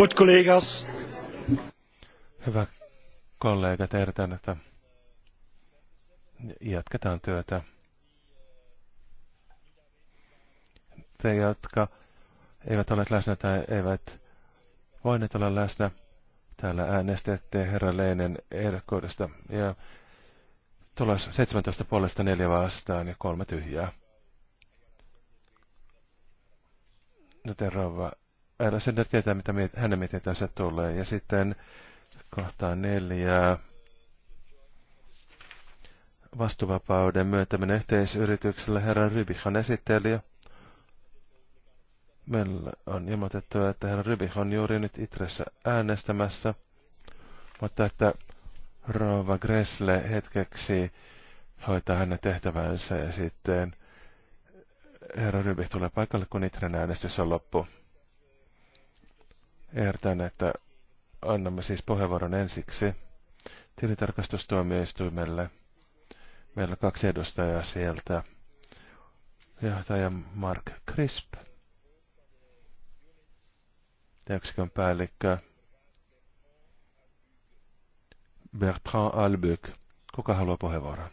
Goed collega's. Hyvä kollega, Tertan, että jatketaan työtä. Te, jotka eivät ole läsnä tai eivät voineet olla läsnä, täällä äänestätte herra Leinen ehdokkuudesta. Ja tulos 17 puolesta neljä vastaan ja kolme tyhjää. Joten rouva Älä tietää, mitä miet, hänen mietintänsä tulee. Ja sitten kohtaan neljä. Vastuvapauden myöntäminen yhteisyritykselle herra Rybihan esittelijä. Meillä on ilmoitettu, että herra Rybih on juuri nyt Itressä äänestämässä, mutta että Rova Gressle hetkeksi hoitaa hänen tehtävänsä ja sitten herra Rybih tulee paikalle, kun Itren äänestys on loppu. Ehdotan, että annamme siis puheenvuoron ensiksi tilitarkastustuomioistuimelle. Meillä on kaksi edustajaa sieltä. Johtaja Mark Crisp ja yksikön päällikkö Bertrand Albyk. Kuka haluaa puheenvuoron?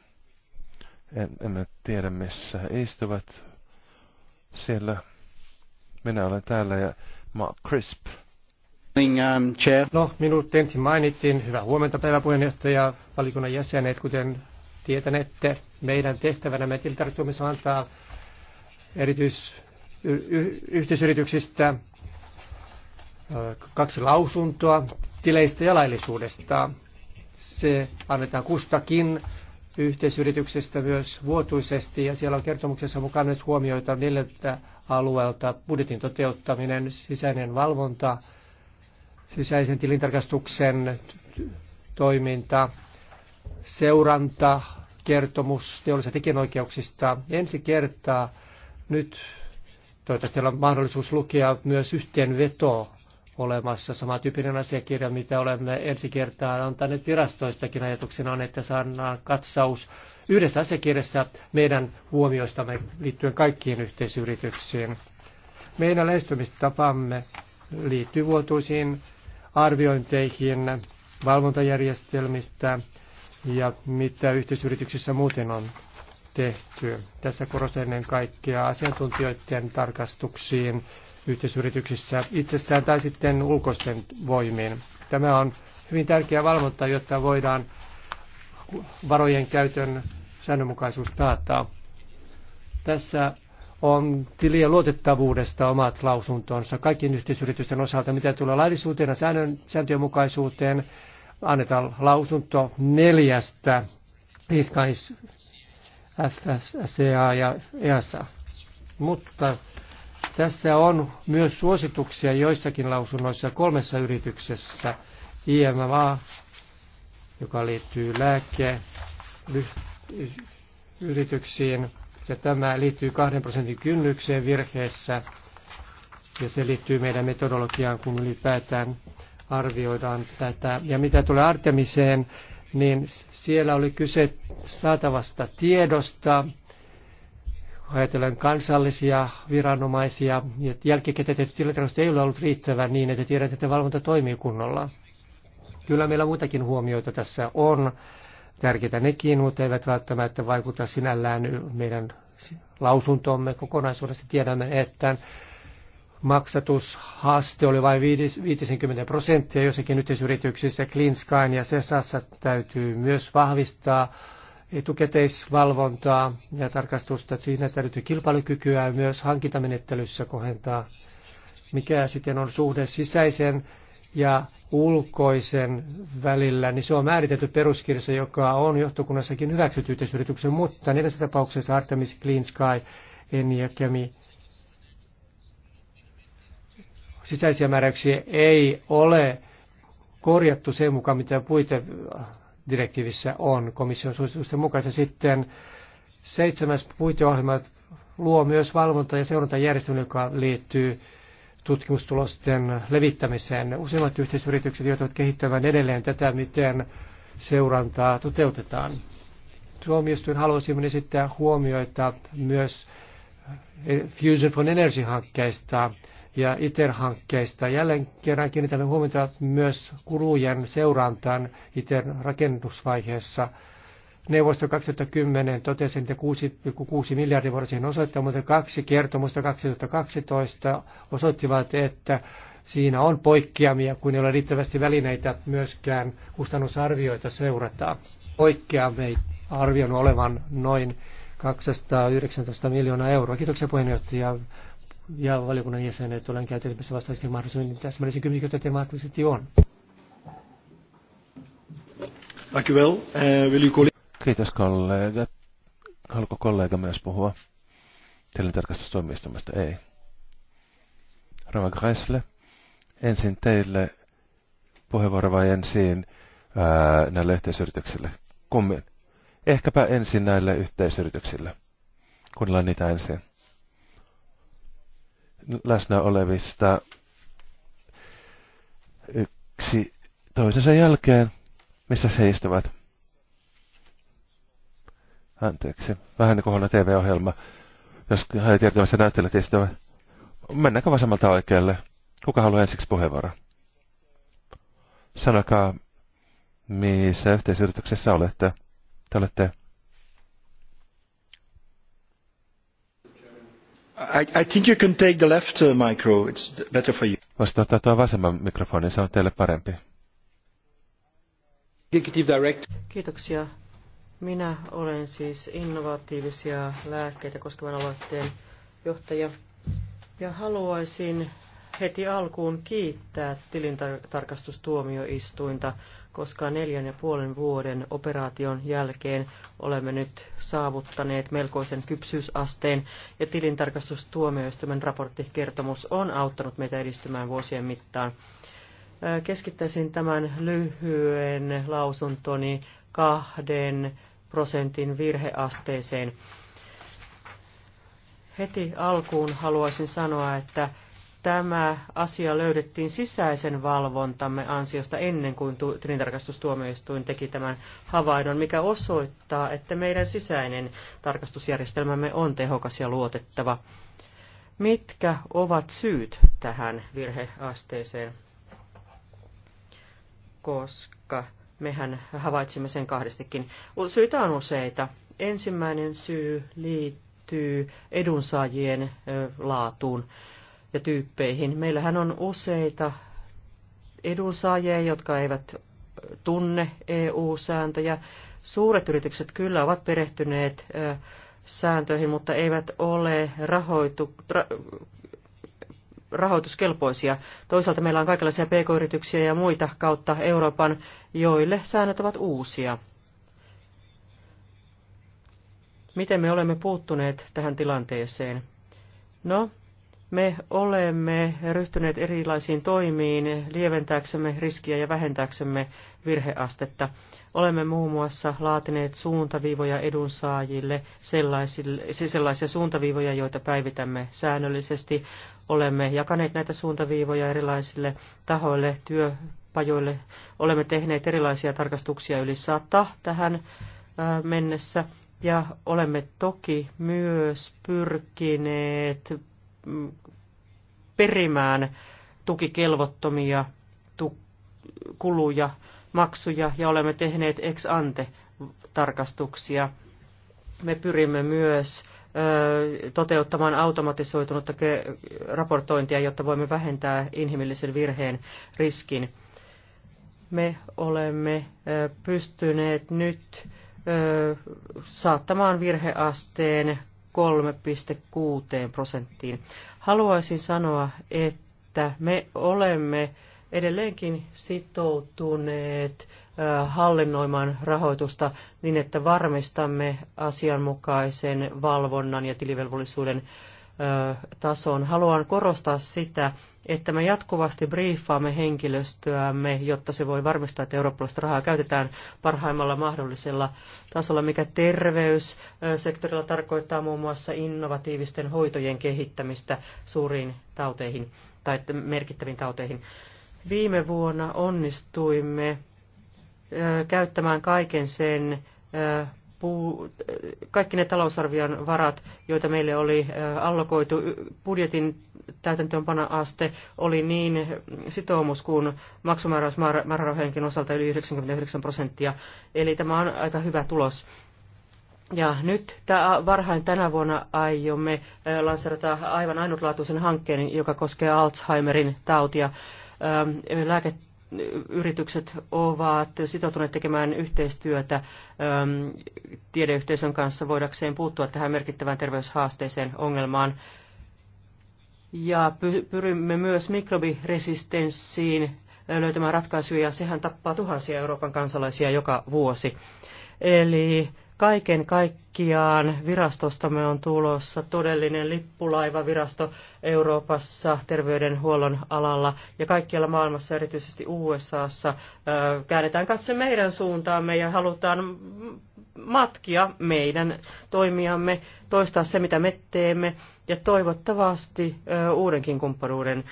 En, emme tiedä, missä he istuvat. Siellä minä olen täällä ja Mark Crisp. Um, no, minut ensin mainittiin. Hyvää huomenta päiväpuheenjohtaja, valikunnan jäsenet, kuten tietänette. Meidän tehtävänämme me on antaa erityis yhteisyrityksistä kaksi lausuntoa tileistä ja laillisuudesta. Se annetaan kustakin yhteisyrityksestä myös vuotuisesti ja siellä on kertomuksessa mukaan nyt huomioita neljältä alueelta budjetin toteuttaminen, sisäinen valvonta, sisäisen tilintarkastuksen toiminta, seuranta, kertomus teollisista tekijänoikeuksista. Ensi kertaa nyt toivottavasti on mahdollisuus lukea myös yhteenveto olemassa. tyyppinen asiakirja, mitä olemme ensi kertaa antaneet virastoistakin ajatuksena on, että saadaan katsaus yhdessä asiakirjassa meidän huomioistamme liittyen kaikkiin yhteisyrityksiin. Meidän lähestymistapamme liittyy vuotuisiin arviointeihin valvontajärjestelmistä ja mitä yhteisyrityksissä muuten on tehty. Tässä korostan ennen kaikkea asiantuntijoiden tarkastuksiin yhteisyrityksissä itsessään tai sitten ulkoisten voimiin. Tämä on hyvin tärkeä valvonta, jotta voidaan varojen käytön säännönmukaisuus taata. Tässä on tilien luotettavuudesta omat lausuntonsa kaikkien yhteisyritysten osalta, mitä tulee laillisuuteen ja säännön, sääntöjen mukaisuuteen. Annetaan lausunto neljästä Iskais, FFCA ja EASA. Mutta tässä on myös suosituksia joissakin lausunnoissa kolmessa yrityksessä. IMA, joka liittyy lääke yrityksiin, ja tämä liittyy kahden prosentin kynnykseen virheessä, ja se liittyy meidän metodologiaan, kun ylipäätään arvioidaan tätä. Ja mitä tulee Artemiseen, niin siellä oli kyse saatavasta tiedosta, ajatellen kansallisia viranomaisia, ja jälkikäteen tilatarkastus ei ole ollut riittävän niin, että tiedät, että valvonta toimii kunnolla. Kyllä meillä muitakin huomioita tässä on tärkeitä nekin, mutta eivät välttämättä vaikuta sinällään meidän lausuntomme kokonaisuudessa. Tiedämme, että maksatushaaste oli vain 50 prosenttia jossakin yhteisyrityksissä, Clean Skyn ja Sesassa täytyy myös vahvistaa etukäteisvalvontaa ja tarkastusta. Siinä täytyy kilpailukykyä myös hankintamenettelyssä kohentaa, mikä sitten on suhde sisäisen ja ulkoisen välillä, niin se on määritelty peruskirjassa, joka on johtokunnassakin hyväksytty yhteisyrityksen, mutta neljässä tapauksessa Artemis, Clean Sky, Eni ja Kemi sisäisiä määräyksiä ei ole korjattu sen mukaan, mitä puitedirektiivissä on komission suositusten mukaisesti. Sitten seitsemäs puiteohjelma luo myös valvonta- ja seurantajärjestelmä, joka liittyy tutkimustulosten levittämiseen. Useimmat yhteisyritykset joutuvat kehittämään edelleen tätä, miten seurantaa toteutetaan. Tuomioistuin haluaisimme esittää huomioita myös eh, Fusion for Energy-hankkeista ja ITER-hankkeista. Jälleen kerran kiinnitämme huomiota myös kulujen seurantaan ITER-rakennusvaiheessa – neuvosto 2010 totesi, että 6,6 miljardia voidaan siihen osoittaa, mutta kaksi kertomusta 2012 osoittivat, että siinä on poikkeamia, kun ei ole riittävästi välineitä myöskään kustannusarvioita seurata. ei arvioin olevan noin 219 miljoonaa euroa. Kiitoksia puheenjohtaja ja valiokunnan jäsenet. Olen käytettävissä vastaisesti mahdollisuuden täsmällisiin kysymyksiin, joita temaattisesti on. Dank u wel. Uh, wil u Kiitos kollega. Haluatko kollega myös puhua? Tilintarkastustoimistomasta ei. Rova Gressle, ensin teille puheenvuoro vai ensin ää, näille yhteisyrityksille? Kummin? Ehkäpä ensin näille yhteisyrityksille. Kuunnellaan niitä ensin. Läsnä olevista yksi toisensa jälkeen, missä he istuvat. Anteeksi, vähän niin kuin TV-ohjelma. Jos hän tiedä, missä näyttelijät istuvat. mennäänkö vasemmalta oikealle? Kuka haluaa ensiksi puheenvuoron? Sanokaa, missä yhteisyrityksessä olette. Te olette... I, I think you can take the left uh, micro. It's better for you. Voisit ottaa tuo vasemman mikrofonin, se on teille parempi. Kiitoksia minä olen siis innovatiivisia lääkkeitä koskevan aloitteen johtaja ja haluaisin heti alkuun kiittää tilintarkastustuomioistuinta, koska neljän ja puolen vuoden operaation jälkeen olemme nyt saavuttaneet melkoisen kypsyysasteen ja tilintarkastustuomioistuimen raporttikertomus on auttanut meitä edistymään vuosien mittaan. Keskittäisin tämän lyhyen lausuntoni kahden prosentin virheasteeseen. Heti alkuun haluaisin sanoa, että tämä asia löydettiin sisäisen valvontamme ansiosta ennen kuin tilintarkastustuomioistuin teki tämän havainnon, mikä osoittaa, että meidän sisäinen tarkastusjärjestelmämme on tehokas ja luotettava. Mitkä ovat syyt tähän virheasteeseen? Koska Mehän havaitsimme sen kahdestikin. Syitä on useita. Ensimmäinen syy liittyy edunsaajien laatuun ja tyyppeihin. Meillähän on useita edunsaajia, jotka eivät tunne EU-sääntöjä. Suuret yritykset kyllä ovat perehtyneet sääntöihin, mutta eivät ole rahoitu, rahoituskelpoisia. Toisaalta meillä on kaikenlaisia pk-yrityksiä ja muita kautta Euroopan, joille säännöt ovat uusia. Miten me olemme puuttuneet tähän tilanteeseen? No, me olemme ryhtyneet erilaisiin toimiin lieventääksemme riskiä ja vähentääksemme virheastetta. Olemme muun muassa laatineet suuntaviivoja edunsaajille, sellaisia suuntaviivoja, joita päivitämme säännöllisesti. Olemme jakaneet näitä suuntaviivoja erilaisille tahoille, työpajoille. Olemme tehneet erilaisia tarkastuksia yli sata tähän mennessä. Ja olemme toki myös pyrkineet perimään tukikelvottomia kuluja, maksuja ja olemme tehneet ex ante tarkastuksia. Me pyrimme myös toteuttamaan automatisoitunutta raportointia, jotta voimme vähentää inhimillisen virheen riskin. Me olemme pystyneet nyt saattamaan virheasteen 3,6 prosenttiin. Haluaisin sanoa, että me olemme edelleenkin sitoutuneet hallinnoimaan rahoitusta niin, että varmistamme asianmukaisen valvonnan ja tilivelvollisuuden tasoon. Haluan korostaa sitä, että me jatkuvasti briefaamme henkilöstöämme, jotta se voi varmistaa, että eurooppalaista rahaa käytetään parhaimmalla mahdollisella tasolla, mikä terveyssektorilla tarkoittaa muun muassa innovatiivisten hoitojen kehittämistä suuriin tauteihin tai merkittäviin tauteihin. Viime vuonna onnistuimme käyttämään kaiken sen puu, kaikki ne talousarvion varat, joita meille oli allokoitu, budjetin täytäntöönpana-aste oli niin sitoumus kuin maksumääräysmäärärahojenkin osalta yli 99 prosenttia. Eli tämä on aika hyvä tulos. Ja nyt varhain tänä vuonna aiomme lanserata aivan ainutlaatuisen hankkeen, joka koskee Alzheimerin tautia. Lääket yritykset ovat sitoutuneet tekemään yhteistyötä ähm, tiedeyhteisön kanssa voidakseen puuttua tähän merkittävään terveyshaasteeseen ongelmaan. Ja pyrimme myös mikrobiresistenssiin äh, löytämään ratkaisuja, ja sehän tappaa tuhansia Euroopan kansalaisia joka vuosi. Eli Kaiken kaikkiaan virastostamme on tulossa todellinen lippulaivavirasto Euroopassa terveydenhuollon alalla ja kaikkialla maailmassa, erityisesti USAssa. Käännetään katse meidän suuntaamme ja halutaan matkia meidän toimiamme, toistaa se, mitä me teemme ja toivottavasti uudenkin kumppanuuden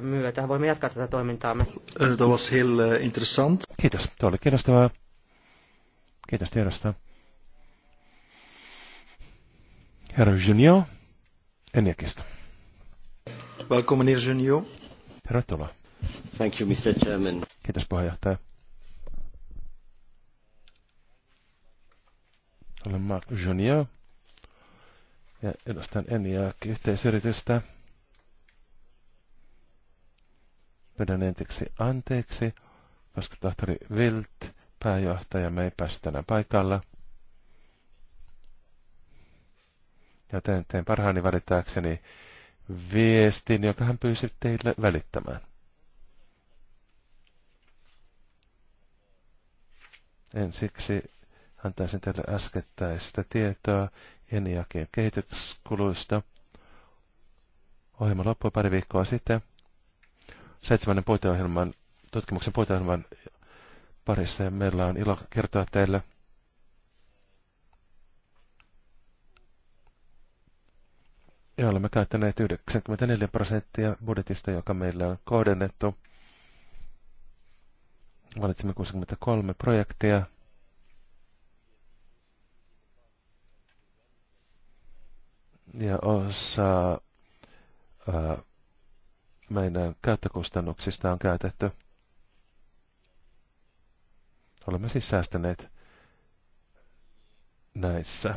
myötä voimme jatkaa tätä toimintaamme. Eh, Tämä oli eh, Kiitos. Tämä oli kiinnostavaa. Kiitos tiedosta. Herra Junior Eniakista. Welcome, meneer Junior. Tervetuloa. Thank you, Mr. Chairman. Kiitos puheenjohtaja. Olen Mark Junior ja edustan Eniak yhteisyritystä Pyydän entiksi anteeksi, koska tohtori Wilt, me ei päässyt tänään paikalla – joten teen parhaani välittääkseni viestin, joka hän pyysi teille välittämään. Ensiksi antaisin teille äskettäistä tietoa Eniakin kehityskuluista. Ohjelma loppui pari viikkoa sitten. Seitsemännen puiteohjelman, tutkimuksen puiteohjelman parissa ja meillä on ilo kertoa teille, ja olemme käyttäneet 94 prosenttia budjetista, joka meillä on kohdennettu. Valitsimme 63 projektia. Ja osa ää, meidän käyttökustannuksista on käytetty. Olemme siis säästäneet näissä.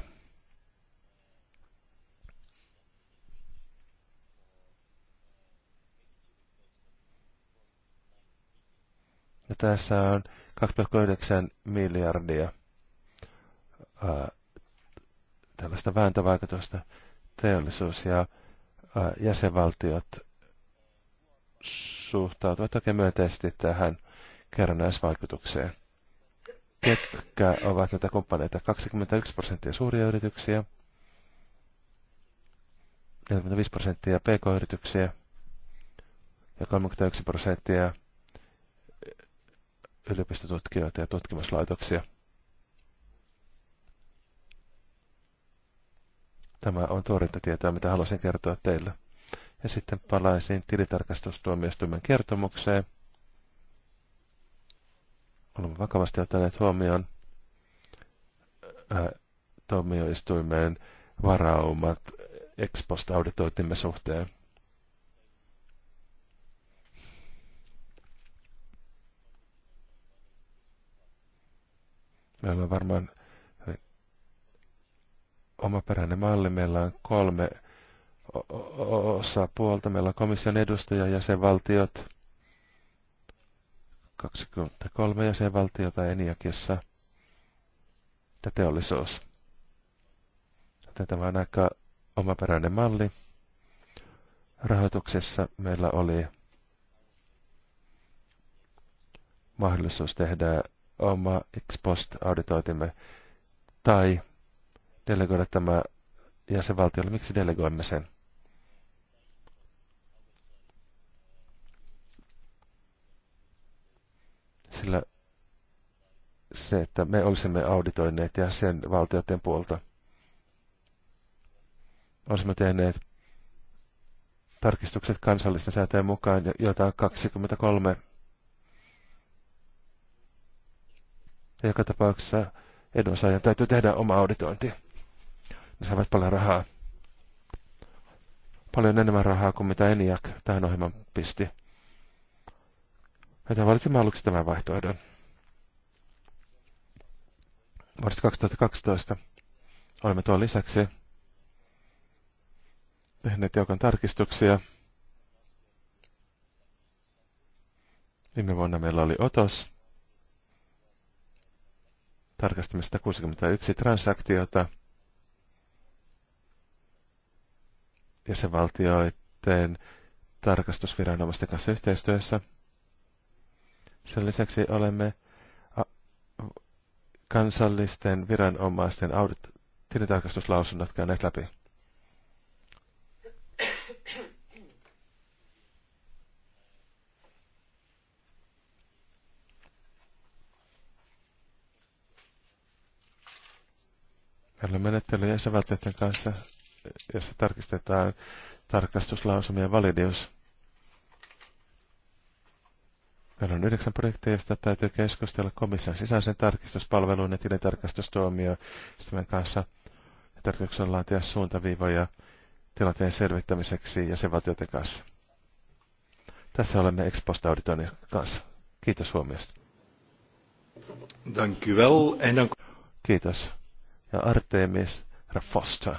Ja tässä on 2,9 miljardia ää, tällaista vääntövaikutusta. Teollisuus ja ää, jäsenvaltiot suhtautuvat oikein myönteisesti tähän kerrannaisvaikutukseen. Ketkä ovat näitä kumppaneita? 21 prosenttia suuria yrityksiä, 45 prosenttia pk-yrityksiä ja 31 prosenttia yliopistotutkijoita ja tutkimuslaitoksia. Tämä on tuoretta mitä haluaisin kertoa teille. Ja sitten palaisin tilitarkastustuomioistuimen kertomukseen. Olemme vakavasti ottaneet huomioon äh, tuomioistuimeen varaumat ex post suhteen. Meillä on varmaan omaperäinen malli. Meillä on kolme osapuolta. Meillä on komission edustaja, jäsenvaltiot, 23 jäsenvaltiota Eniakissa ja teollisuus. tämä on aika omaperäinen malli. Rahoituksessa meillä oli mahdollisuus tehdä oma ex post auditoitimme tai delegoida tämä jäsenvaltiolle. Miksi delegoimme sen? Sillä se, että me olisimme auditoineet jäsenvaltioiden puolta, olisimme tehneet tarkistukset kansallisten säätöjen mukaan, joita on 23 Ja joka tapauksessa edunsaajan täytyy tehdä oma auditointi. Ne saavat paljon rahaa. Paljon enemmän rahaa kuin mitä Eniak tähän ohjelman pisti. Joten valitsimme aluksi tämän vaihtoehdon. Vuodesta 2012 olemme tuon lisäksi tehneet joukon tarkistuksia. Viime vuonna meillä oli Otos, Tarkastamme 161 transaktiota jäsenvaltioiden tarkastusviranomaisten kanssa yhteistyössä. Sen lisäksi olemme kansallisten viranomaisten audit tilintarkastuslausunnot käyneet läpi. Meillä on jäsenvaltioiden kanssa, jossa tarkistetaan tarkastuslausumien validius. Meillä on yhdeksän projekteja, joista täytyy keskustella komission sisäisen tarkistuspalveluun ja tilintarkastustuomioistuimen kanssa. Ja tarkoituksena laatia suuntaviivoja tilanteen selvittämiseksi jäsenvaltioiden kanssa. Tässä olemme Exposta Auditoinnin kanssa. Kiitos huomiosta. Dank u wel. En dank... Kiitos ja Artemis Rafosta.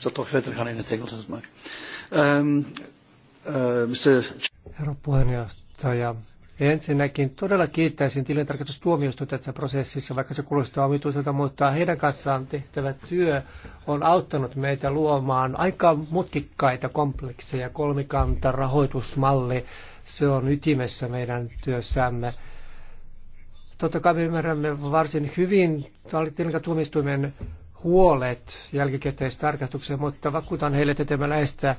Så ska ta verder in het Engels als ehm, eh, Herra puheenjohtaja, ensinnäkin todella kiittäisin tilintarkastustuomioistuin tässä prosessissa, vaikka se kuulostaa omituiselta, mutta heidän kanssaan tehtävä työ on auttanut meitä luomaan aika mutkikkaita komplekseja, kolmikanta, rahoitusmalli, se on ytimessä meidän työssämme. Totta kai me ymmärrämme varsin hyvin tuomioistuimen huolet jälkikäteistarkastukseen, mutta vakuutan heille, että teemme läheistä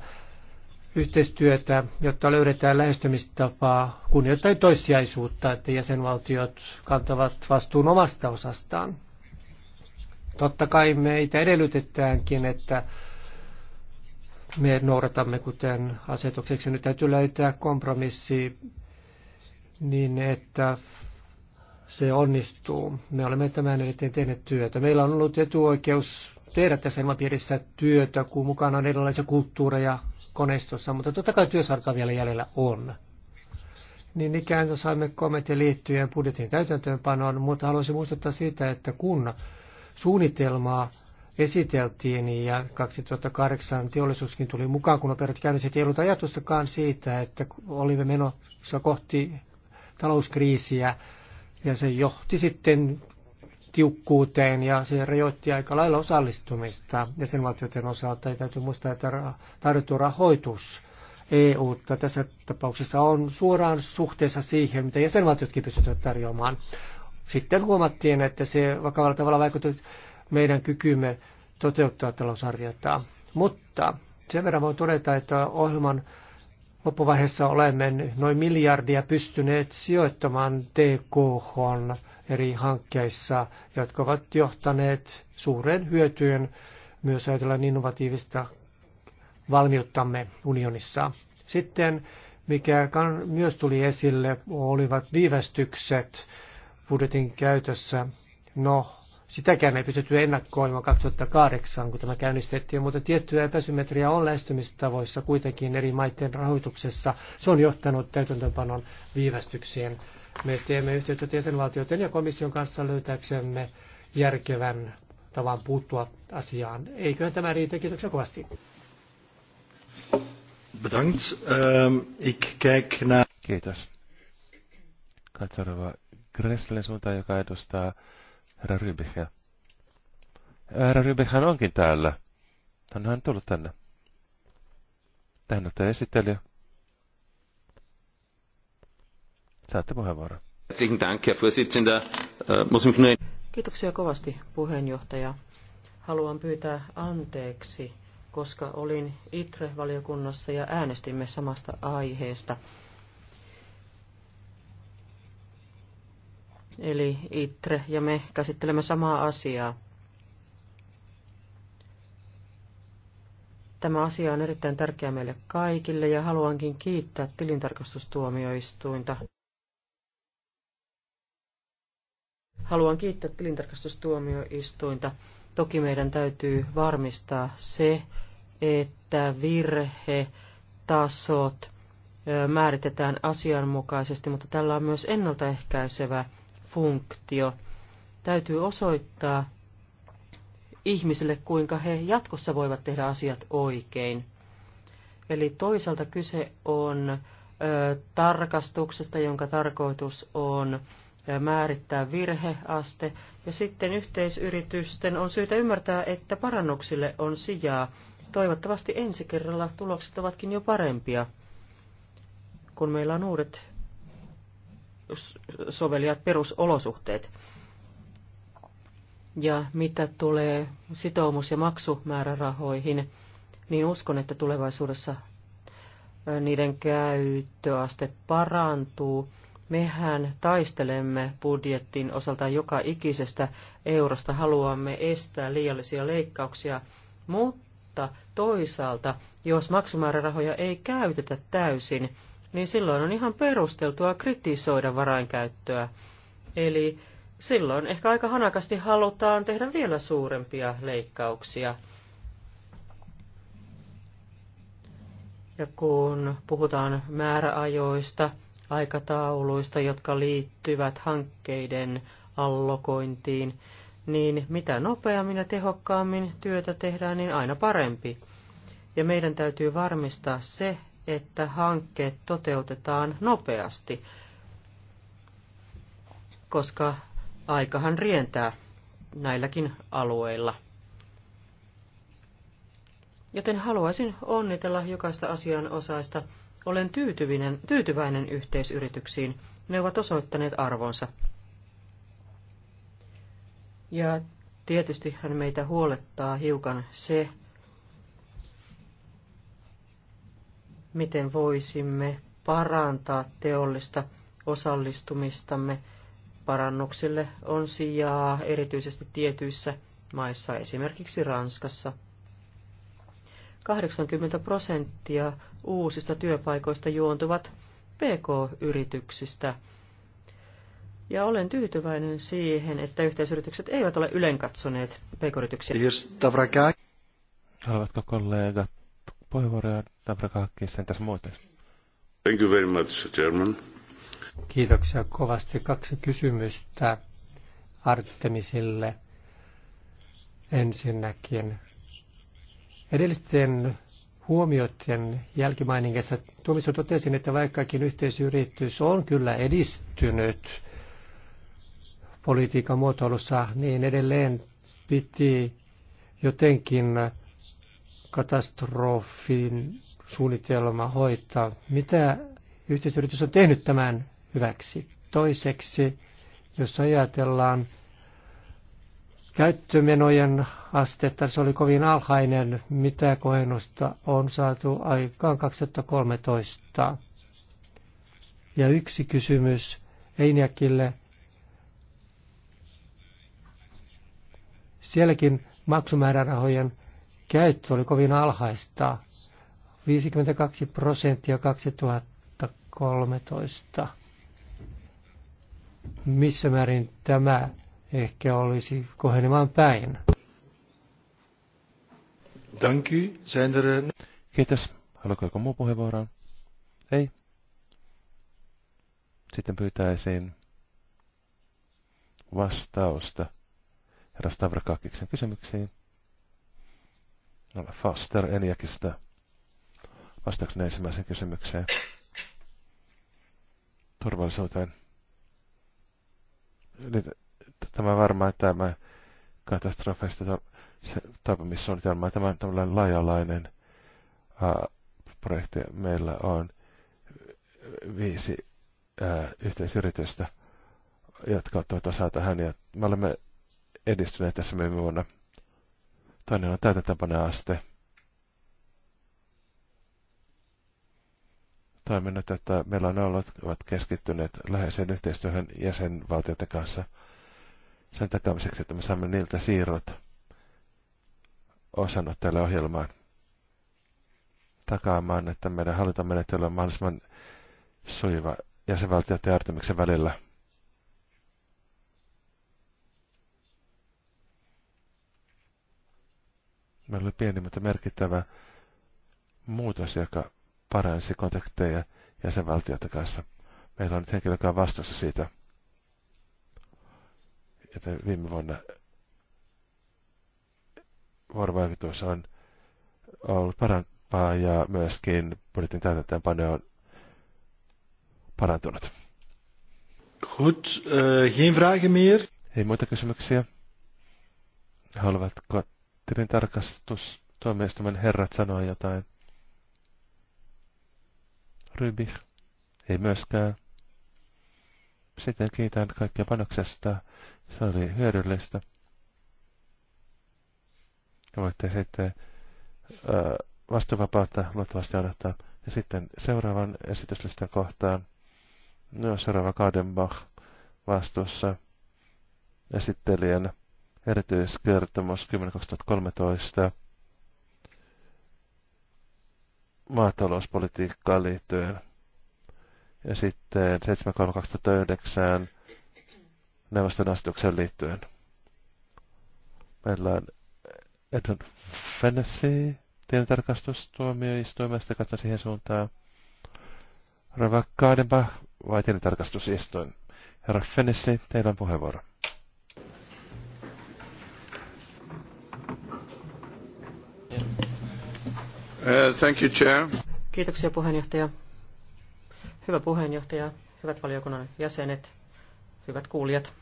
yhteistyötä, jotta löydetään lähestymistapaa kunnioittain toissijaisuutta, että jäsenvaltiot kantavat vastuun omasta osastaan. Totta kai meitä edellytetäänkin, että me noudatamme, kuten asetukseksi nyt täytyy löytää kompromissi niin, että se onnistuu. Me olemme tämän eteen tehneet työtä. Meillä on ollut etuoikeus tehdä tässä ilmapiirissä työtä, kun mukana on erilaisia kulttuureja koneistossa, mutta totta kai työsarkaa vielä jäljellä on. Niin ikään saimme kommentin liittyen budjetin täytäntöönpanoon, mutta haluaisin muistuttaa siitä, että kun suunnitelmaa esiteltiin ja 2008 teollisuuskin tuli mukaan, kun operat käynniset, ei ollut ajatustakaan siitä, että olimme menossa kohti talouskriisiä, ja se johti sitten tiukkuuteen ja se rajoitti aika lailla osallistumista jäsenvaltioiden osalta. Ja täytyy muistaa, että tarjottu rahoitus eu tässä tapauksessa on suoraan suhteessa siihen, mitä jäsenvaltiotkin pystyvät tarjoamaan. Sitten huomattiin, että se vakavalla tavalla vaikutti meidän kykymme toteuttaa talousarviota. Mutta sen verran voi todeta, että ohjelman loppuvaiheessa olemme noin miljardia pystyneet sijoittamaan TKH eri hankkeissa, jotka ovat johtaneet suureen hyötyyn myös ajatellaan innovatiivista valmiuttamme unionissa. Sitten mikä myös tuli esille, olivat viivästykset budjetin käytössä. No, Sitäkään ei pystytty ennakkoimaan 2008, kun tämä käynnistettiin, mutta tiettyä epäsymmetriä on lähestymistavoissa kuitenkin eri maiden rahoituksessa. Se on johtanut täytäntöönpanon viivästyksiin. Me teemme yhteyttä jäsenvaltioiden ja komission kanssa löytääksemme järkevän tavan puuttua asiaan. Eiköhän tämä riitä? Kiitoksia kovasti. Bedankt. Ähm, Kiitos. Katsotaan Gresslen suuntaan, joka edustaa herra Rybichia. Herra Rybichhän onkin täällä. Hän on tullut tänne. Tähän on esittelijä. Saatte puheenvuoron. Äh, Kiitoksia kovasti puheenjohtaja. Haluan pyytää anteeksi, koska olin ITRE-valiokunnassa ja äänestimme samasta aiheesta. eli ITRE, ja me käsittelemme samaa asiaa. Tämä asia on erittäin tärkeä meille kaikille ja haluankin kiittää tilintarkastustuomioistuinta. Haluan kiittää tilintarkastustuomioistuinta. Toki meidän täytyy varmistaa se, että tasot, määritetään asianmukaisesti, mutta tällä on myös ennaltaehkäisevä funktio. Täytyy osoittaa ihmisille, kuinka he jatkossa voivat tehdä asiat oikein. Eli toisaalta kyse on ö, tarkastuksesta, jonka tarkoitus on määrittää virheaste, ja sitten yhteisyritysten on syytä ymmärtää, että parannuksille on sijaa. Toivottavasti ensi kerralla tulokset ovatkin jo parempia, kun meillä on uudet soveliat perusolosuhteet. Ja mitä tulee sitoumus- ja maksumäärärahoihin, niin uskon, että tulevaisuudessa niiden käyttöaste parantuu. Mehän taistelemme budjettin osalta joka ikisestä eurosta. Haluamme estää liiallisia leikkauksia, mutta toisaalta, jos maksumäärärahoja ei käytetä täysin, niin silloin on ihan perusteltua kritisoida varainkäyttöä. Eli silloin ehkä aika hanakasti halutaan tehdä vielä suurempia leikkauksia. Ja kun puhutaan määräajoista, aikatauluista, jotka liittyvät hankkeiden allokointiin, niin mitä nopeammin ja tehokkaammin työtä tehdään, niin aina parempi. Ja meidän täytyy varmistaa se, että hankkeet toteutetaan nopeasti, koska aikahan rientää näilläkin alueilla. Joten haluaisin onnitella jokaista osaista. Olen tyytyväinen, tyytyväinen yhteisyrityksiin. Ne ovat osoittaneet arvonsa. Ja tietysti hän meitä huolettaa hiukan se, miten voisimme parantaa teollista osallistumistamme. Parannuksille on sijaa erityisesti tietyissä maissa, esimerkiksi Ranskassa. 80 prosenttia uusista työpaikoista juontuvat PK-yrityksistä. Ja olen tyytyväinen siihen, että yhteisyritykset eivät ole ylenkatsoneet PK-yrityksiä. Haluatko kollegat puheenvuoroja Tavrakakkiisten tässä muuten. Thank you very much, Chairman. Kiitoksia kovasti. Kaksi kysymystä Artemisille. Ensinnäkin edellisten huomioiden jälkimainingessa tuomissa totesin, että vaikkakin yhteisyritys on kyllä edistynyt politiikan muotoilussa, niin edelleen piti jotenkin katastrofin suunnitelma hoitaa. Mitä yhteisyritys on tehnyt tämän hyväksi? Toiseksi, jos ajatellaan käyttömenojen astetta, se oli kovin alhainen. Mitä kohennusta on saatu aikaan 2013? Ja yksi kysymys Einiakille. Sielläkin maksumäärärahojen käyttö oli kovin alhaista. 52 prosenttia 2013. Missä määrin tämä ehkä olisi kohenemaan päin? Kiitos. Haluatko joku muu puheenvuoroon? Ei. Sitten pyytäisin vastausta herra Stavrakakiksen kysymyksiin. Foster Eniakista vastauksena ensimmäiseen kysymykseen. Turvallisuuteen. Tämä varmaan tämä katastrofeista toipumissuunnitelma. Tämä on tämmöinen laajalainen projekti. Meillä on viisi ää, yhteisyritystä, jotka ottavat osaa tähän. Ja me olemme edistyneet tässä viime vuonna. Tänne on aste. Toiminnot, että meillä on ollut, ovat keskittyneet läheiseen yhteistyöhön jäsenvaltioiden kanssa sen takaamiseksi, että me saamme niiltä siirrot osana tälle ohjelmaan takaamaan, että meidän hallintamenettely on mahdollisimman sujuva jäsenvaltioiden ja Artemiksen välillä. Meillä oli pieni, mutta merkittävä muutos, joka paransi kontakteja jäsenvaltioita kanssa. Meillä on nyt henkilö, joka on vastuussa siitä. Joten viime vuonna vuorovaikutus on ollut parempaa ja myöskin budjetin täytäntöönpano on parantunut. Goed, uh, geen vragen meer. Ei muita kysymyksiä. Haluatko tilintarkastustuomioistuimen herrat sanoa jotain? Rybih? Ei myöskään. Sitten kiitän kaikkia panoksesta. Se oli hyödyllistä. Ja voitte sitten vastuvapautta luottavasti odottaa. Ja sitten seuraavan esityslistan kohtaan. No, seuraava Kadenbach vastuussa esittelijänä erityiskertomus 10.2013 maatalouspolitiikkaan liittyen. Ja sitten 7.3.2009 neuvoston asetukseen liittyen. Meillä on Edwin Fennessy, tilintarkastustuomioistuimesta, katson siihen suuntaan. Rava Kaadenbach vai tilintarkastusistuin? Herra Fennessy, teillä on puheenvuoro. Uh, Kiitoksia puheenjohtaja. Hyvä puheenjohtaja, hyvät valiokunnan jäsenet, hyvät kuulijat.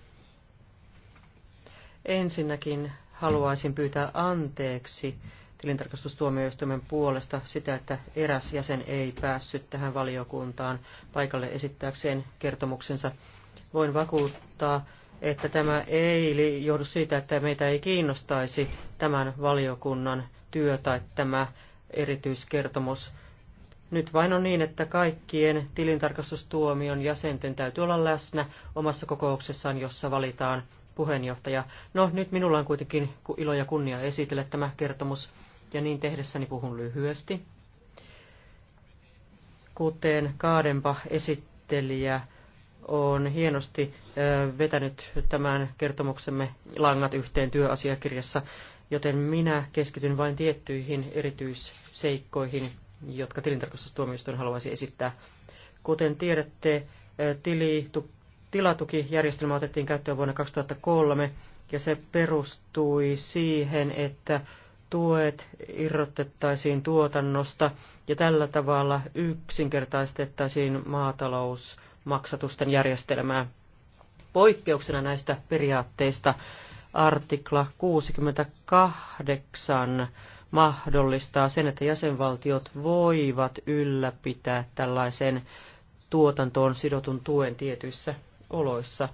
Ensinnäkin haluaisin pyytää anteeksi tilintarkastustuomioistuimen puolesta sitä, että eräs jäsen ei päässyt tähän valiokuntaan paikalle esittääkseen kertomuksensa. Voin vakuuttaa, että tämä ei johdu siitä, että meitä ei kiinnostaisi tämän valiokunnan työ tai tämä erityiskertomus. Nyt vain on niin, että kaikkien tilintarkastustuomion jäsenten täytyy olla läsnä omassa kokouksessaan, jossa valitaan puheenjohtaja. No, nyt minulla on kuitenkin ilo ja kunnia esitellä tämä kertomus, ja niin tehdessäni puhun lyhyesti. Kuten Kaadenpa esittelijä on hienosti vetänyt tämän kertomuksemme langat yhteen työasiakirjassa joten minä keskityn vain tiettyihin erityisseikkoihin, jotka tilintarkastustuomioistuin haluaisi esittää. Kuten tiedätte, eh, tili, tilatukijärjestelmä otettiin käyttöön vuonna 2003 ja se perustui siihen, että tuet irrotettaisiin tuotannosta ja tällä tavalla yksinkertaistettaisiin maatalousmaksatusten järjestelmää. Poikkeuksena näistä periaatteista artikla 68 mahdollistaa sen, että jäsenvaltiot voivat ylläpitää tällaisen tuotantoon sidotun tuen tietyissä oloissa.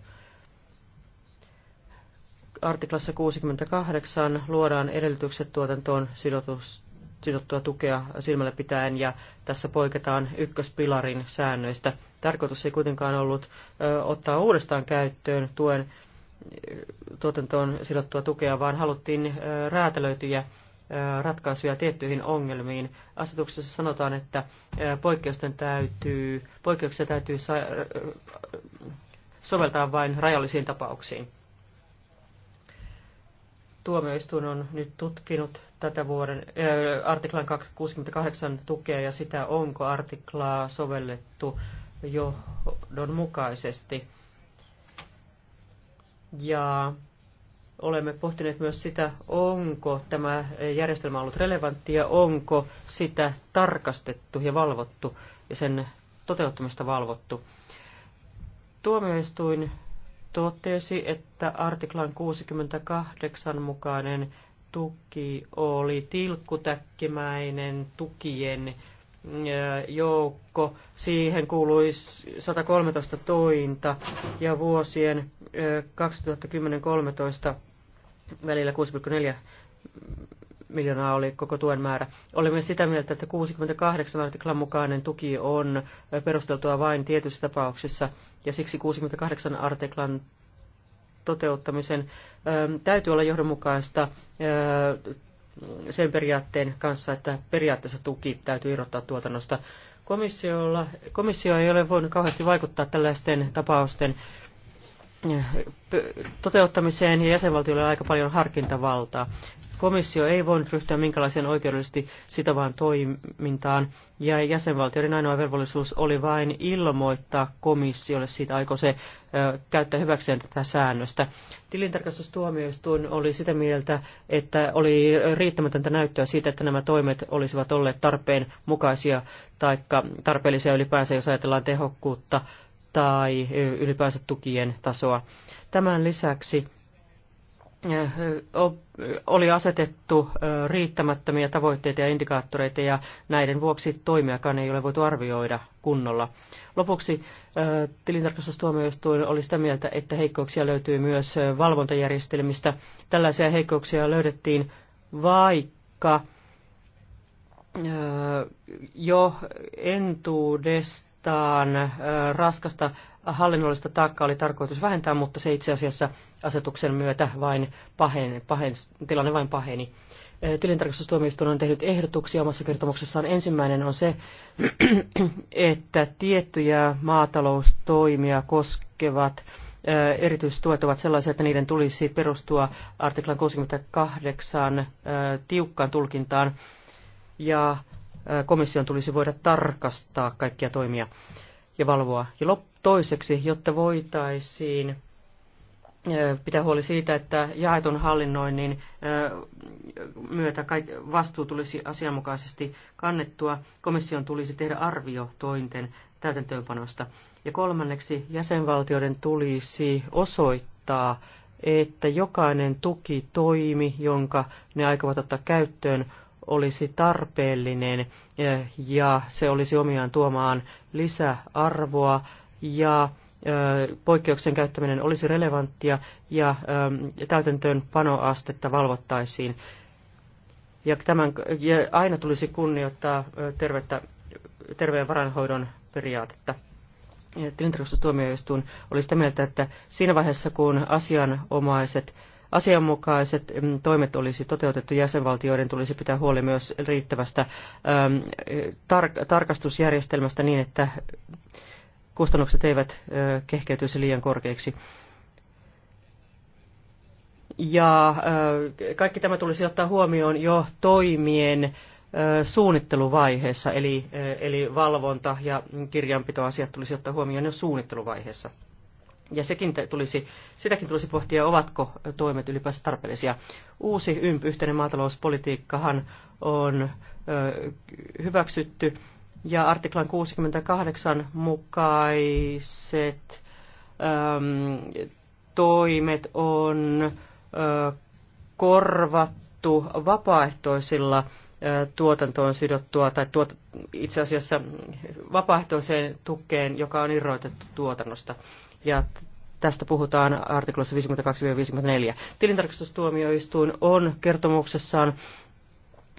Artiklassa 68 luodaan edellytykset tuotantoon sidotus, sidottua tukea silmällä pitäen ja tässä poiketaan ykköspilarin säännöistä. Tarkoitus ei kuitenkaan ollut ö, ottaa uudestaan käyttöön tuen tuotantoon sidottua tukea, vaan haluttiin räätälöityjä ratkaisuja tiettyihin ongelmiin. Asetuksessa sanotaan, että poikkeusten täytyy, poikkeuksia täytyy soveltaa vain rajallisiin tapauksiin. Tuomioistuin on nyt tutkinut tätä vuoden äh, artiklan 68 tukea ja sitä, onko artiklaa sovellettu johdonmukaisesti ja olemme pohtineet myös sitä, onko tämä järjestelmä ollut relevantti ja onko sitä tarkastettu ja valvottu ja sen toteuttamista valvottu. Tuomioistuin totesi, että artiklan 68 mukainen tuki oli tilkkutäkkimäinen tukien joukko. Siihen kuului 113 tointa ja vuosien 2010-2013 välillä 6,4 miljoonaa oli koko tuen määrä. Olemme sitä mieltä, että 68 artiklan mukainen tuki on perusteltua vain tietyissä tapauksissa, ja siksi 68 artiklan toteuttamisen täytyy olla johdonmukaista sen periaatteen kanssa, että periaatteessa tuki täytyy irrottaa tuotannosta. Komissiolla, komissio ei ole voinut kauheasti vaikuttaa tällaisten tapausten eh, toteuttamiseen ja jäsenvaltioille on aika paljon harkintavaltaa. Komissio ei voinut ryhtyä minkälaiseen oikeudellisesti sitovaan toimintaan, ja jäsenvaltioiden ainoa velvollisuus oli vain ilmoittaa komissiolle siitä, aiko se ö, käyttää hyväkseen tätä säännöstä. Tilintarkastustuomioistuin oli sitä mieltä, että oli riittämätöntä näyttöä siitä, että nämä toimet olisivat olleet tarpeen mukaisia tai tarpeellisia ylipäänsä, jos ajatellaan tehokkuutta tai ylipäänsä tukien tasoa. Tämän lisäksi oli asetettu riittämättömiä tavoitteita ja indikaattoreita ja näiden vuoksi toimiakaan ei ole voitu arvioida kunnolla. Lopuksi tilintarkastustuomioistuin oli sitä mieltä, että heikkouksia löytyy myös valvontajärjestelmistä. Tällaisia heikkouksia löydettiin vaikka jo entuudestaan raskasta hallinnollista taakkaa oli tarkoitus vähentää, mutta se itse asiassa asetuksen myötä vain pahen pahen, tilanne vain paheni. Tilintarkastustuomioistuin on tehnyt ehdotuksia omassa kertomuksessaan. Ensimmäinen on se, että tiettyjä maataloustoimia koskevat erityistuet ovat sellaisia, että niiden tulisi perustua artiklan 68 tiukkaan tulkintaan ja komission tulisi voida tarkastaa kaikkia toimia ja valvoa. Ja Toiseksi, jotta voitaisiin pitää huoli siitä, että jaetun hallinnoinnin myötä vastuu tulisi asianmukaisesti kannettua. Komission tulisi tehdä arvio tointen täytäntöönpanosta. Ja kolmanneksi jäsenvaltioiden tulisi osoittaa, että jokainen tuki toimi, jonka ne aikovat ottaa käyttöön, olisi tarpeellinen ja se olisi omiaan tuomaan lisäarvoa ja poikkeuksen käyttäminen olisi relevanttia ja täytäntöön panoastetta valvottaisiin. Ja, tämän, ja aina tulisi kunnioittaa tervettä, terveen varanhoidon periaatetta. Tilintarkastustuomioistuin oli sitä mieltä, että siinä vaiheessa kun asianomaiset asianmukaiset mm, toimet olisi toteutettu, jäsenvaltioiden tulisi pitää huoli myös riittävästä tarkastusjärjestelmästä niin, että kustannukset eivät kehkeytyisi liian korkeiksi. Ja kaikki tämä tulisi ottaa huomioon jo toimien suunnitteluvaiheessa, eli, eli valvonta ja kirjanpitoasiat tulisi ottaa huomioon jo suunnitteluvaiheessa. Ja sekin tulisi, sitäkin tulisi pohtia, ovatko toimet ylipäänsä tarpeellisia. Uusi YMP, yhteinen maatalouspolitiikkahan, on hyväksytty ja artiklan 68 mukaiset äm, toimet on ä, korvattu vapaaehtoisilla ä, tuotantoon sidottua tai tuot, itse asiassa vapaaehtoiseen tukeen, joka on irroitettu tuotannosta. Ja Tästä puhutaan artiklossa 52-54. Tilintarkastustuomioistuin on kertomuksessaan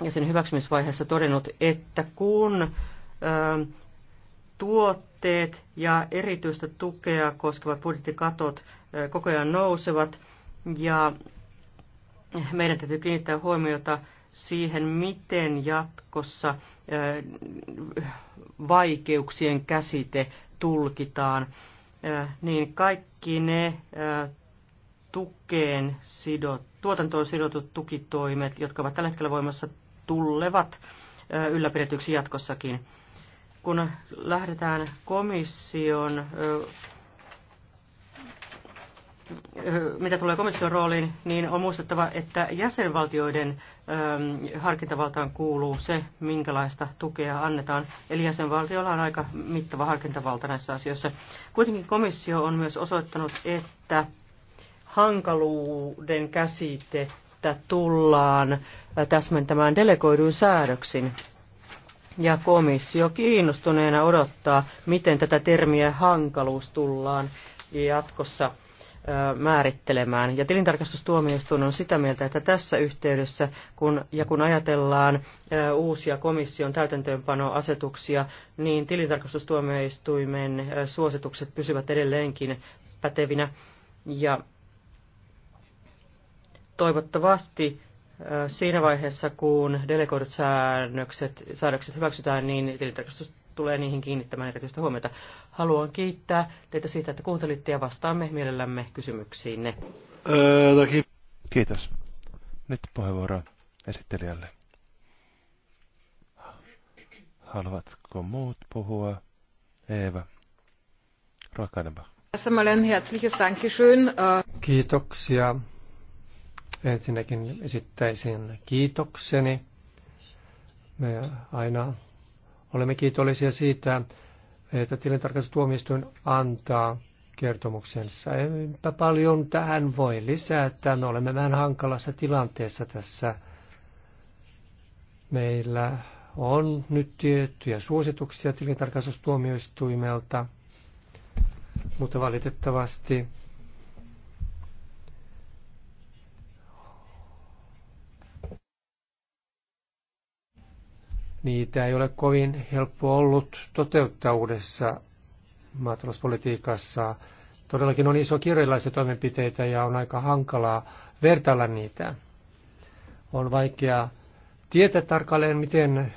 ja sen hyväksymisvaiheessa todennut, että kun tuotteet ja erityistä tukea koskevat budjettikatot koko ajan nousevat ja meidän täytyy kiinnittää huomiota siihen, miten jatkossa vaikeuksien käsite tulkitaan, niin kaikki ne tukeen sidot, tuotantoon sidotut tukitoimet, jotka ovat tällä hetkellä voimassa, tulevat ylläpidetyksi jatkossakin kun lähdetään komission, mitä tulee komission rooliin, niin on muistettava, että jäsenvaltioiden harkintavaltaan kuuluu se, minkälaista tukea annetaan. Eli jäsenvaltioilla on aika mittava harkintavalta näissä asioissa. Kuitenkin komissio on myös osoittanut, että hankaluuden käsitettä tullaan täsmentämään delegoiduin säädöksin ja komissio kiinnostuneena odottaa, miten tätä termiä hankaluus tullaan jatkossa määrittelemään. Ja tilintarkastustuomioistuin on sitä mieltä, että tässä yhteydessä, kun, ja kun ajatellaan uusia komission täytäntöönpanoasetuksia, niin tilintarkastustuomioistuimen suositukset pysyvät edelleenkin pätevinä. Ja toivottavasti siinä vaiheessa, kun delegoidut säännökset, säädökset hyväksytään, niin tilintarkastus tulee niihin kiinnittämään erityistä huomiota. Haluan kiittää teitä siitä, että kuuntelitte ja vastaamme mielellämme kysymyksiinne. No, Kiitos. Nyt puheenvuoro esittelijälle. Haluatko muut puhua? Eeva. Ruokainenpa. Äh, Kiitoksia Ensinnäkin esittäisin kiitokseni. Me aina olemme kiitollisia siitä, että tilintarkastustuomioistuin antaa kertomuksensa. Enpä paljon tähän voi lisätä. Me olemme vähän hankalassa tilanteessa tässä. Meillä on nyt tiettyjä suosituksia tilintarkastustuomioistuimelta, mutta valitettavasti Niitä ei ole kovin helppo ollut toteuttaa uudessa maatalouspolitiikassa. Todellakin on iso kirjallisia toimenpiteitä ja on aika hankalaa vertailla niitä. On vaikea tietää tarkalleen, miten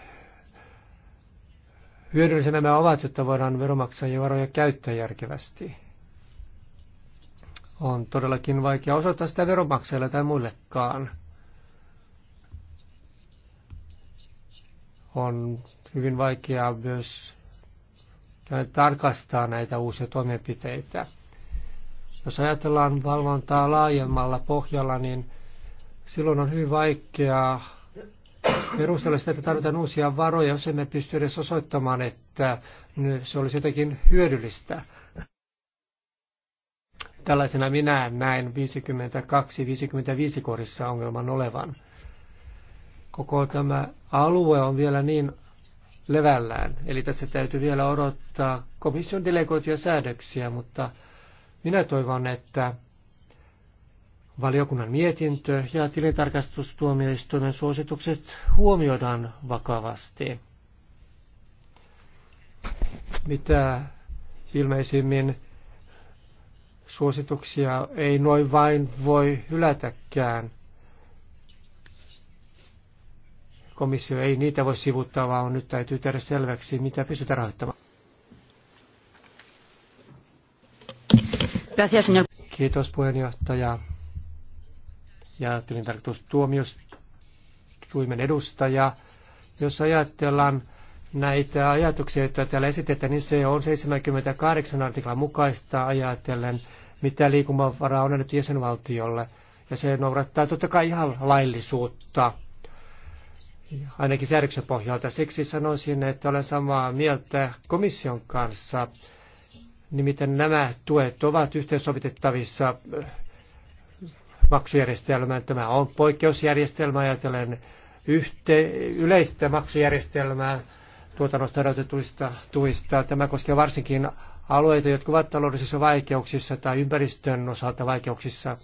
hyödyllisiä nämä ovat, jotta voidaan veromaksajien varoja käyttää järkevästi. On todellakin vaikea osoittaa sitä veronmaksajille tai muillekaan – on hyvin vaikeaa myös tarkastaa näitä uusia toimenpiteitä. Jos ajatellaan valvontaa laajemmalla pohjalla, niin silloin on hyvin vaikeaa perustella sitä, että tarvitaan uusia varoja, jos emme pysty edes osoittamaan, että se olisi jotenkin hyödyllistä. Tällaisena minä näen 52-55 korissa ongelman olevan koko tämä alue on vielä niin levällään. Eli tässä täytyy vielä odottaa komission delegoituja säädöksiä, mutta minä toivon, että valiokunnan mietintö ja tilintarkastustuomioistuimen suositukset huomioidaan vakavasti. Mitä ilmeisimmin suosituksia ei noin vain voi hylätäkään – komissio ei niitä voi sivuttaa, vaan on nyt täytyy tehdä selväksi, mitä pystytään rahoittamaan. Gracias, señor. Kiitos puheenjohtaja ja tuimen edustaja. Jos ajatellaan näitä ajatuksia, joita täällä esitetään, niin se on 78 artiklan mukaista ajatellen, mitä liikumavaraa on annettu jäsenvaltiolle. Ja se noudattaa totta kai ihan laillisuutta ainakin säädöksen pohjalta. Siksi sanoisin, että olen samaa mieltä komission kanssa. Nimittäin nämä tuet ovat yhteensovitettavissa äh, maksujärjestelmään. Tämä on poikkeusjärjestelmä ajatellen yhte, yleistä maksujärjestelmää tuotannosta odotetuista tuista. Tämä koskee varsinkin alueita, jotka ovat taloudellisissa vaikeuksissa tai ympäristön osalta vaikeuksissa,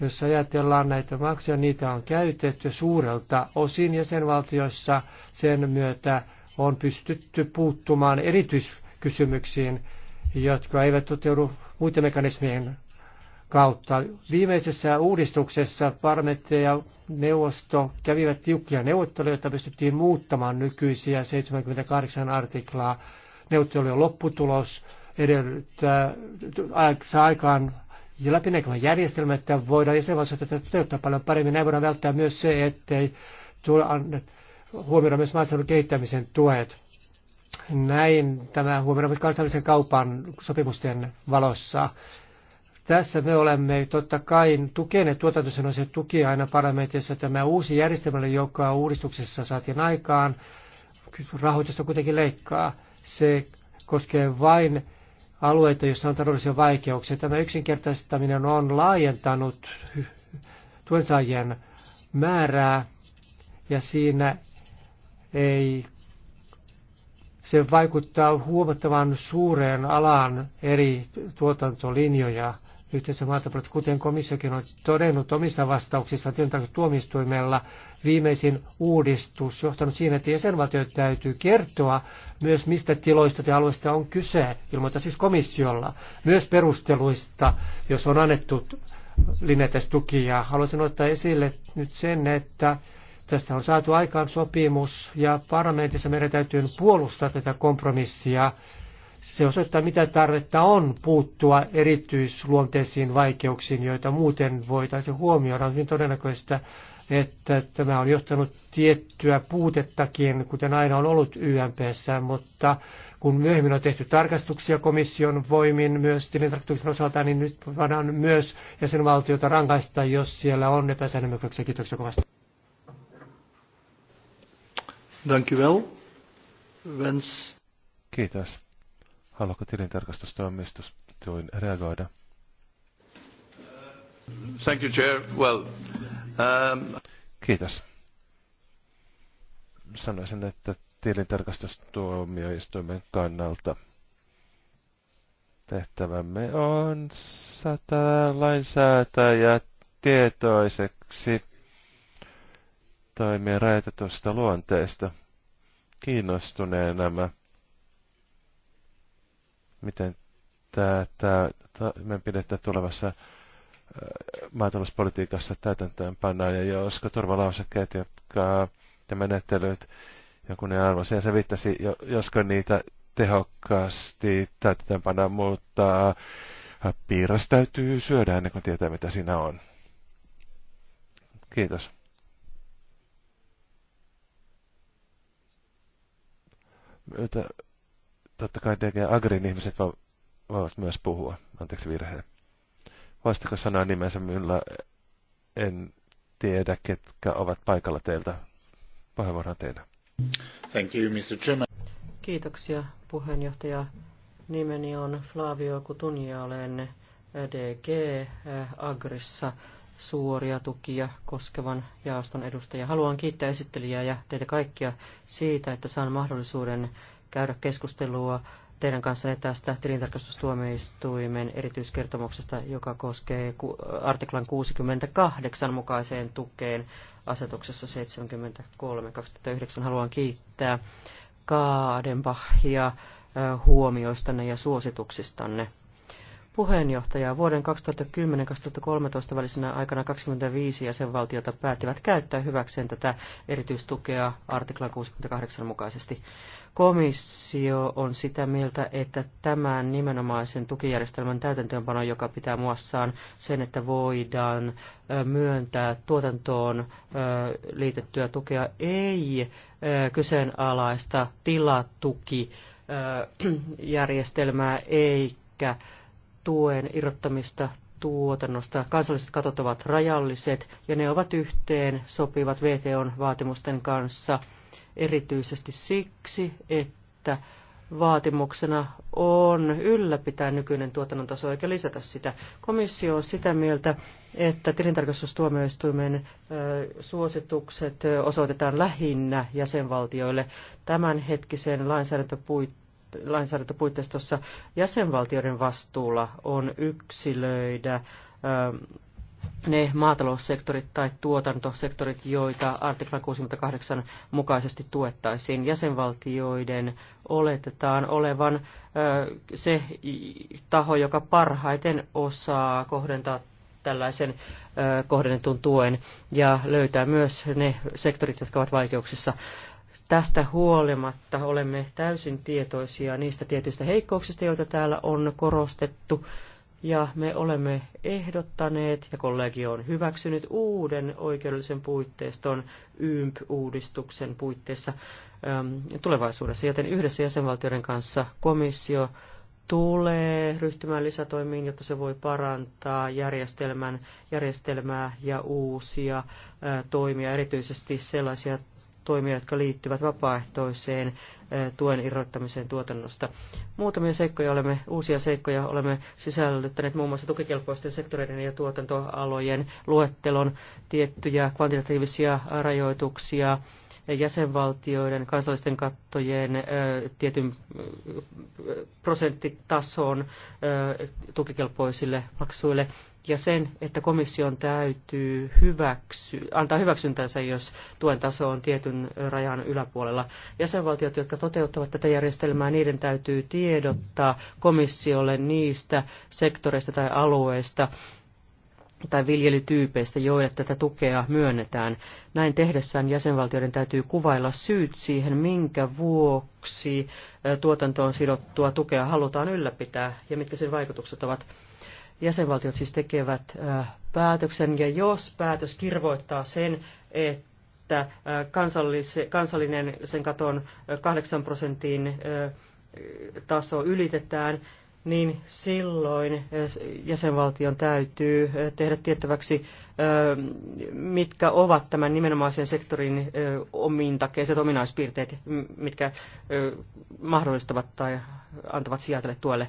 jos ajatellaan näitä maksuja, niitä on käytetty suurelta osin jäsenvaltioissa. Sen myötä on pystytty puuttumaan erityiskysymyksiin, jotka eivät toteudu muiden mekanismien kautta. Viimeisessä uudistuksessa parlamentti ja neuvosto kävivät tiukkia neuvotteluja, joita pystyttiin muuttamaan nykyisiä 78 artiklaa. Neuvottelujen lopputulos edellyttää, saa aikaan ja läpinäkyvä järjestelmä, että voidaan jäsenvaltioita toteuttaa paljon paremmin. Näin voidaan välttää myös se, että tule huomioida myös maaseudun kehittämisen tuet. Näin tämä huomioidaan myös kansallisen kaupan sopimusten valossa. Tässä me olemme totta kai tukeneet tuotantosanoisia tukia aina parlamentissa. Tämä uusi järjestelmä, joka uudistuksessa saatiin aikaan, rahoitusta kuitenkin leikkaa. Se koskee vain alueita, joissa on taloudellisia vaikeuksia. Tämä yksinkertaistaminen on laajentanut tuensaajien määrää ja siinä ei se vaikuttaa huomattavan suureen alaan eri tuotantolinjoja – yhteisen maatapuolet, kuten komissiokin on todennut omissa vastauksissa tuomistuimella viimeisin uudistus johtanut siihen, että jäsenvaltiot täytyy kertoa myös mistä tiloista ja alueista on kyse, ilmoittaa siis komissiolla, myös perusteluista, jos on annettu linjatestukia. Haluaisin ottaa esille nyt sen, että tästä on saatu aikaan sopimus ja parlamentissa meidän täytyy puolustaa tätä kompromissia se osoittaa, mitä tarvetta on puuttua erityisluonteisiin vaikeuksiin, joita muuten voitaisiin huomioida. On hyvin todennäköistä, että tämä on johtanut tiettyä puutettakin, kuten aina on ollut YMPssä, mutta kun myöhemmin on tehty tarkastuksia komission voimin myös tilintarkastuksen osalta, niin nyt voidaan myös jäsenvaltiota rankaista, jos siellä on epäsäännönmukaisia. Kiitoksia kovasti. Wens... Kiitos. Haluatko tilintarkastustoimistustuin reagoida? Thank you, Chair. Well, um... Kiitos. Sanoisin, että tilintarkastustuomioistuimen kannalta tehtävämme on sata lainsäätäjä tietoiseksi toimien rajoitetusta luonteesta kiinnostuneena miten tämä, me pidetään tulevassa maatalouspolitiikassa täytäntöön pannaan ja josko turvalausekkeet, jotka ja menettelyt, joku ne arvoisi, ja se viittasi, josko niitä tehokkaasti täytetään panna, mutta piirras täytyy syödä ennen kuin tietää, mitä siinä on. Kiitos. Mitä Totta kai DG Agrin ihmiset vo, voivat myös puhua. Anteeksi virhe. Voisitteko sanoa nimensä minulla? En tiedä, ketkä ovat paikalla teiltä. Puheenvuoron teidän. Thank you, Mr. Chairman. Kiitoksia, puheenjohtaja. Nimeni on Flavio Kutunia, olen DG Agrissa suoria tukia koskevan jaoston edustaja. Haluan kiittää esittelijää ja teitä kaikkia siitä, että saan mahdollisuuden käydä keskustelua teidän kanssanne tästä tilintarkastustuomioistuimen erityiskertomuksesta, joka koskee artiklan 68 mukaiseen tukeen asetuksessa 73-2009. Haluan kiittää Kaadenbachia huomioistanne ja suosituksistanne puheenjohtajaa. Vuoden 2010-2013 välisenä aikana 25 jäsenvaltiota päättivät käyttää hyväkseen tätä erityistukea artiklan 68 mukaisesti. Komissio on sitä mieltä, että tämän nimenomaisen tukijärjestelmän täytäntöönpano, joka pitää muassaan sen, että voidaan myöntää tuotantoon liitettyä tukea, ei kyseenalaista tilatukijärjestelmää, eikä tuen irrottamista tuotannosta. Kansalliset katot ovat rajalliset ja ne ovat yhteen sopivat VTOn vaatimusten kanssa erityisesti siksi, että vaatimuksena on ylläpitää nykyinen tuotannon taso eikä lisätä sitä. Komissio on sitä mieltä, että tilintarkastustuomioistuimen suositukset osoitetaan lähinnä jäsenvaltioille tämänhetkisen lainsäädäntöpuitteen lainsäädäntöpuitteistossa jäsenvaltioiden vastuulla on yksilöidä ähm, ne maataloussektorit tai tuotantosektorit, joita artiklan 68 mukaisesti tuettaisiin. Jäsenvaltioiden oletetaan olevan äh, se taho, joka parhaiten osaa kohdentaa tällaisen äh, kohdennetun tuen ja löytää myös ne sektorit, jotka ovat vaikeuksissa. Tästä huolimatta olemme täysin tietoisia niistä tietyistä heikkouksista, joita täällä on korostettu, ja me olemme ehdottaneet, ja kollegio on hyväksynyt uuden oikeudellisen puitteiston YMP-uudistuksen puitteissa äm, tulevaisuudessa, joten yhdessä jäsenvaltioiden kanssa komissio tulee ryhtymään lisätoimiin, jotta se voi parantaa järjestelmän, järjestelmää ja uusia ä, toimia, erityisesti sellaisia toimia, jotka liittyvät vapaaehtoiseen tuen irrottamiseen tuotannosta. Muutamia seikkoja olemme, uusia seikkoja olemme sisällyttäneet muun muassa tukikelpoisten sektoreiden ja tuotantoalojen luettelon tiettyjä kvantitatiivisia rajoituksia, jäsenvaltioiden kansallisten kattojen tietyn prosenttitason tukikelpoisille maksuille ja sen, että komission täytyy hyväksy, antaa hyväksyntänsä, jos tuen taso on tietyn rajan yläpuolella. Jäsenvaltiot, jotka toteuttavat tätä järjestelmää, niiden täytyy tiedottaa komissiolle niistä sektoreista tai alueista, tai viljelytyypeistä, joille tätä tukea myönnetään. Näin tehdessään jäsenvaltioiden täytyy kuvailla syyt siihen, minkä vuoksi tuotantoon sidottua tukea halutaan ylläpitää ja mitkä sen vaikutukset ovat. Jäsenvaltiot siis tekevät päätöksen, ja jos päätös kirvoittaa sen, että kansallinen sen katon 8 prosentin taso ylitetään, niin silloin jäsenvaltion täytyy tehdä tiettäväksi, mitkä ovat tämän nimenomaisen sektorin omintakeiset ominaispiirteet, mitkä mahdollistavat tai antavat sijaitelle tuolle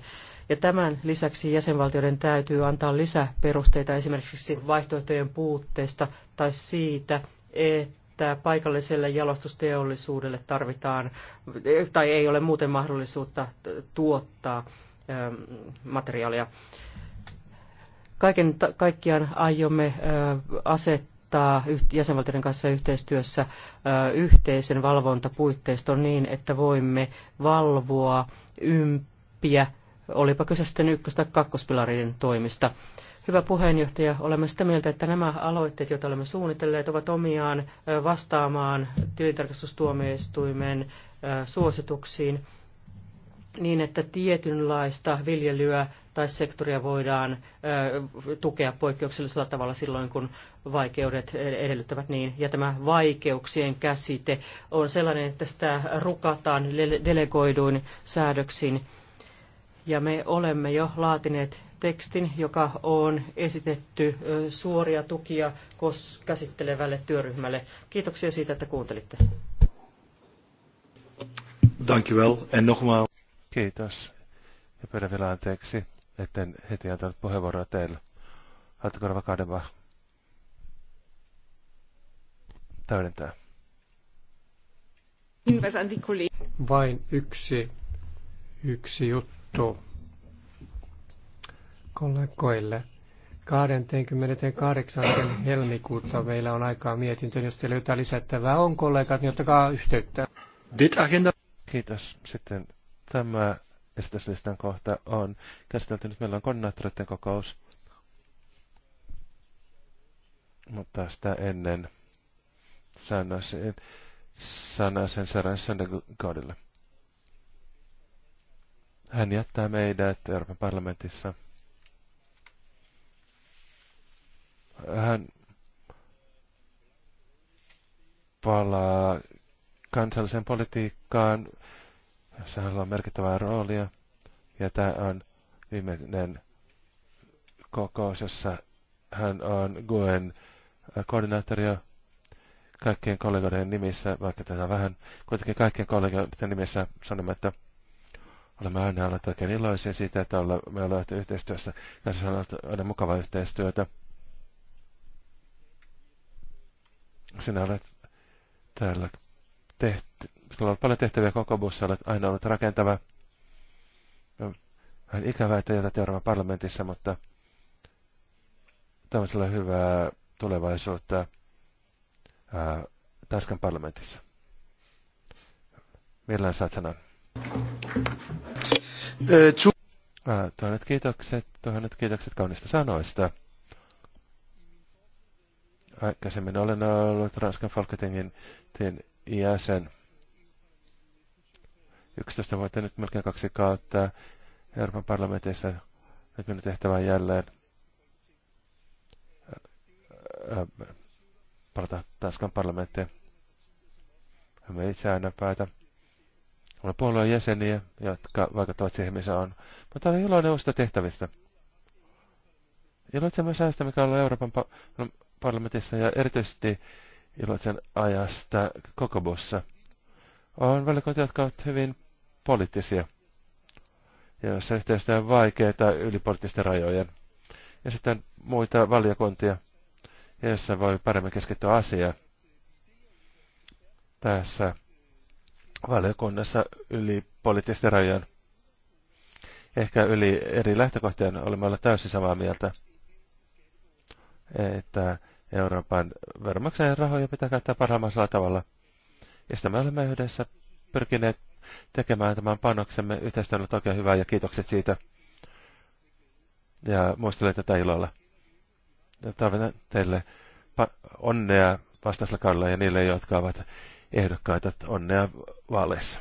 ja tämän lisäksi jäsenvaltioiden täytyy antaa lisäperusteita esimerkiksi vaihtoehtojen puutteesta tai siitä, että paikalliselle jalostusteollisuudelle tarvitaan tai ei ole muuten mahdollisuutta tuottaa ähm, materiaalia. Kaiken kaikkiaan aiomme äh, asettaa jäsenvaltioiden kanssa yhteistyössä äh, yhteisen valvontapuitteiston niin, että voimme valvoa ympiä olipa kyse sitten ykkös- tai kakkospilarin toimista. Hyvä puheenjohtaja, olemme sitä mieltä, että nämä aloitteet, joita olemme suunnitelleet, ovat omiaan vastaamaan tilintarkastustuomioistuimen suosituksiin niin, että tietynlaista viljelyä tai sektoria voidaan tukea poikkeuksellisella tavalla silloin, kun vaikeudet edellyttävät niin. Ja tämä vaikeuksien käsite on sellainen, että sitä rukataan delegoiduin säädöksiin ja me olemme jo laatineet tekstin, joka on esitetty suoria tukia KOS käsittelevälle työryhmälle. Kiitoksia siitä, että kuuntelitte. Dankjewel en nogmaals. Kiitos. Ja pyydän vielä anteeksi, etten heti antanut puheenvuoroa teille. olla vakaudella? täydentää. Vain yksi, yksi juttu annettu kollegoille. 28. helmikuuta meillä on aikaa mietintöön. Jos teillä jotain lisättävää on, kollegat, niin ottakaa yhteyttä. Kiitos. Sitten tämä esityslistan kohta on käsitelty. Nyt meillä on koordinaattoreiden kokous. Mutta sitä ennen sanoisin sen Saran Sandegardille. Hän jättää meidät Euroopan parlamentissa. Hän palaa kansalliseen politiikkaan, jossa hänellä on merkittävää roolia. Ja tämä on viimeinen kokous, jossa hän on Guen koordinaattori kaikkien kollegoiden nimissä, vaikka tätä vähän, kuitenkin kaikkien kollegoiden nimissä sanomme, että Olemme aina olleet oikein iloisia siitä, että me olleet yhteistyössä. Kanssa on ollut mukavaa yhteistyötä. Sinä olet täällä tehty, sinulla on paljon tehtäviä koko bussa, olet aina ollut rakentava. Vähän ikävä, että jätät Euroopan parlamentissa, mutta tämä on sinulle hyvää tulevaisuutta ää, Tanskan parlamentissa. Millään saat sanan? tuhannet kiitokset, tuhannet kiitokset kaunista sanoista. Aikaisemmin olen ollut Ranskan Folketingin jäsen. 11 vuotta, nyt melkein kaksi kautta Euroopan parlamentissa. Nyt minun tehtävä on jälleen palata Tanskan parlamenttiin. Me itse aina päätä. Olen puolueen jäseniä, jotka vaikuttavat siihen, missä on. Mutta olen iloinen uusista tehtävistä. Iloitsen myös ajasta, mikä on ollut Euroopan pa parlamentissa ja erityisesti iloitsen ajasta Kokobossa. On valikoita, jotka ovat hyvin poliittisia. Ja jossa yhteistyö on vaikeaa yli poliittisten rajojen. Ja sitten muita valiokuntia, joissa voi paremmin keskittyä asiaan. Tässä valiokunnassa yli poliittisten rajojen. Ehkä yli eri lähtökohtien olemme olla täysin samaa mieltä, että Euroopan veronmaksajien rahoja pitää käyttää parhaimmalla tavalla. Ja sitä me olemme yhdessä pyrkineet tekemään tämän panoksemme. Yhteistyö on oikein hyvää ja kiitokset siitä. Ja muistelen tätä ilolla. Ja toivotan teille onnea vastaisella kaudella ja niille, jotka ovat ehdokkaita. Onnea vaaleissa.